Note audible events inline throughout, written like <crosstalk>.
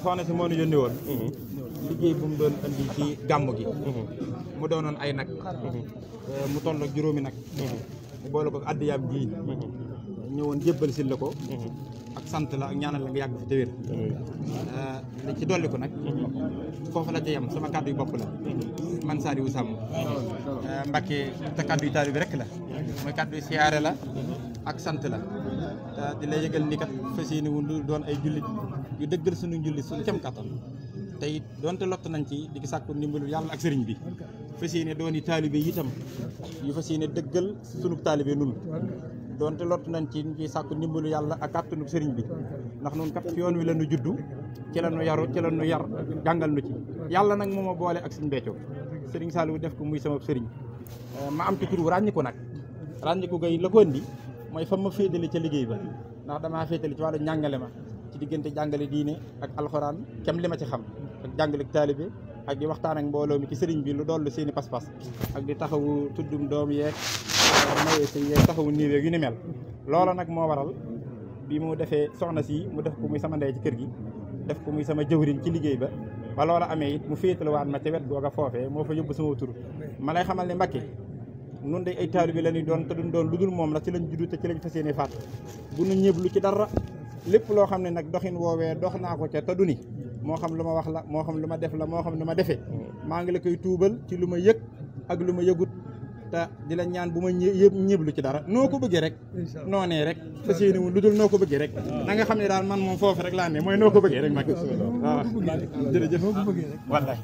soxna si moo ñu yónni woon mhm. liggéey bu mu doon andi ci gàmm gi mhm. mu doonoon ay nag mhm. euh, mu toll ak juróomi nag mu boole ko addiyaam gii ñëwoon jébbal si la ko ak sant la ak ñaanal la nga yàgg fi te wér euh, ci dolli ko nag foofu la ca yem sama kàddu yu bopp la man Saliou Samb euh, Mbacké te kàddu yu taalibe rek la mooy kàddu yu siyaare la ak sant la di yëgal ni kat fas yéene wu doon ay jullit ñu dëggal suñu njulli suñu kem kattan te it donte lott nañ ci di sàkku ndimbalu yàlla ak sëriñ bi fas yéene doon yi taalibe yu fas yéene dëggal sunu taalibe nun donte lott nañ ci di sàkku ndimbalu yàlla ak kàttanu sëriñ bi ndax nun kat yoon wi la ñu juddu ci la ñu yaru ci la ñu yar jàngal nu ci yàlla nag moo ma boole ak suñu Béthio sëriñ Saliou def ko muy sama sëriñ eh, ma am ci turu ràññiku nag ràññiku gay la ko indi mooy fa ma féetale ci diggante jàngale diine ak alxuraan kem li ma ci xam ak jàngale taalibe ak di waxtaan ak mbooloo mi ci sëriñ bi lu dollu seeni pas-pas ak di taxawu tuddum doom yeeg maye si yeeg taxawu niiw yeeg yu mel loola nag moo waral bi mu defee soxna sii mu def ko muy sama ndey ci kër gi def ko muy sama jëwriñ ci liggéey ba ba loola amee it mu féetalawaat ma ca wet googa foofee moo fa yóbbu sama tur ma lay xamal ne Mbàkke nun de ay taalibe la ñuy doon te doon lu dul moom la ci lañ juddu te ci lañ fas yéene faat bu ci dara lépp loo xam ne nag doxin woowee dox naa ko ca taduni moo xam lu ma wax la moo xam lu ma def la moo xam lu ma defee mm. maa ngi la koy tuubal ci lu ma yëg ak lu ma yëgut te di la ñaan bu ma yëpp ñëblu ci dara noo ko bëggee rek noonee rek fa séeni wun lu dul noo ko bëggee rek na nga xam ne daal man moom foofu rek laa ne mooy noo ko bëggee rek mag waaw jërëjëf wallaay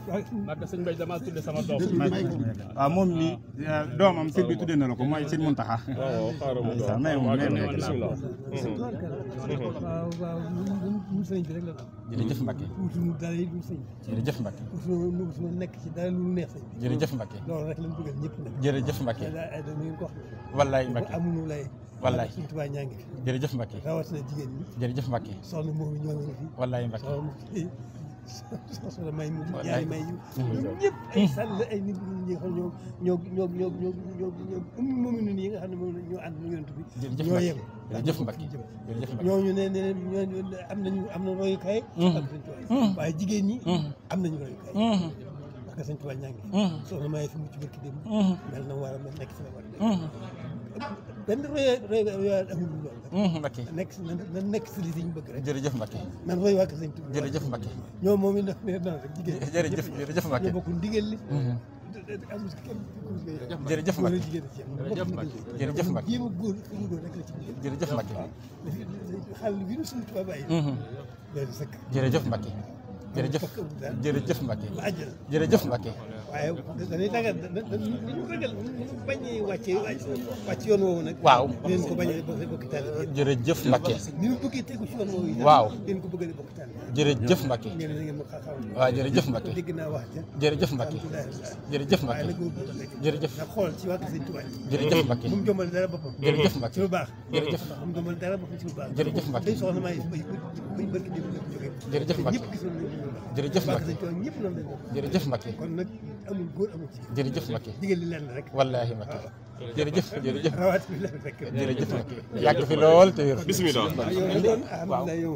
sëñ Bay dama tudde sama doom waaw moom mi doomam sëñ bi tudde na la ko mooy sëñ Muntaxa may moom jërëjëf Mbacke wutunu dara yi dul sëñ jërëjëf Mbacke wutunu nekk ci dara lu neex sëñ jërëjëf Mbacke loolu rek lañ bëggal ñëpp nag jërëjëf jërëjëf Mbacke wallaay Mbacke amuñu lay wallaay suñu tubaab ñaa ngi fi jërëjëf Mbacke rawatina jigéen ñi jërëjëf Mbacke soxna moomu ñoo ngi fi wallaay Mbacke soxna may mu ñaari may yu ñëpp ay sàll ay nit ñi nga xam ñoo ñoo ñoo ñoo ñoo ñoo ñoo nun nga xam ne moom ñoo ànd yonent bi jërëjëf ñoo yem jërëjëf Mbacke jërëjëf Mbacke ñooñu ne ne ñooñu am nañu na royukaay mm-hmm. ak suñu mm-hmm. waaye jigéen ñi mm-hmm. am nañu royukaay ka sëñ Tuubaa ñaa ngi soxna maa ngi fi mucc barki dem mel na war a mel nekk si la war a benn roy roy amul loolu Mbacké nekk si na nekk si li ñu bëgg rek jërëjëf Mbacké nan roy waa ka sëñ Tuubaa jërëjëf Mbacké ñoo moom i na ne nan rek jigéen jërëjëf jërëjëf Mbacké ñoo bokk ndigal li jërëjëf Mbacké jërëjëf Mbacké jërëjëf Mbacké jéem a góor suñu góor rek la ci jërëjëf Mbacké xal wi nu suñu Tuubaa bàyyi loolu sëkk jërëjëf Mbacké jërëjëf jërëjëf Mbacke jërëjëf Mbacke. waaye dañuy tàggat dañu ragal bañ a wàcce wàcc yoon woowu nag. waaw dinañ ko bañ a bokk taal. jërëjëf Mbacke. ni mu bëggee tegu ci yoon woowu yi. waaw dinañ ko bëgg a bokk taal. jërëjëf Mbacke. waaw jërëjëf Mbacke. dégg naa wax ca. jërëjëf Mbacke. jërëjëf Mbacke. jërëjëf. ndax xool ci waa Sëñ Tuubaa. jërëjëf Mbacke. bu mu jombal dara boppam. jërëjëf Mbacke ci lu baax. jërëjëf. bu mu jombal dara boppam ci lu baax. jërëjëf Mbacke. jërëjëf Mbacke jërëjëf Mbacke jërëjëf Mbacke wallaahi Mbacke jërëjëf jërëjëf <laughs> jërëjëf Mbacke yàgg fi lool te wér bismillah waaw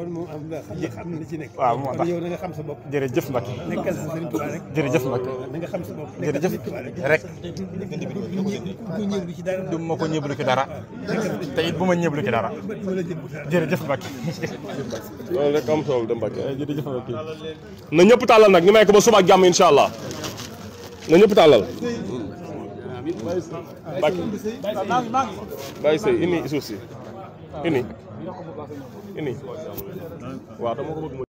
kon moom am xam na ci nekk. waaw moo tax yow na nga xam sa bopp. jërëjëf Mbacke. nekkal sa sëriñ Tuubaa rek. jërëjëf Mbacke. na nga xam sa bopp jërëjëf rek. du ma ko ñëblu ci dara. te it bu ma ñëblu ci dara. jërëjëf Mbacke. loolu rek am solo de Mbacke jërëjëf Mbacke. na ñëpp tàllal nag ñu may ko ba suba ak jàmm incha allah na ñëpp tàllal. Mbacke. Baye Seye indi suuf si indi. ini waaw dama ko bëgg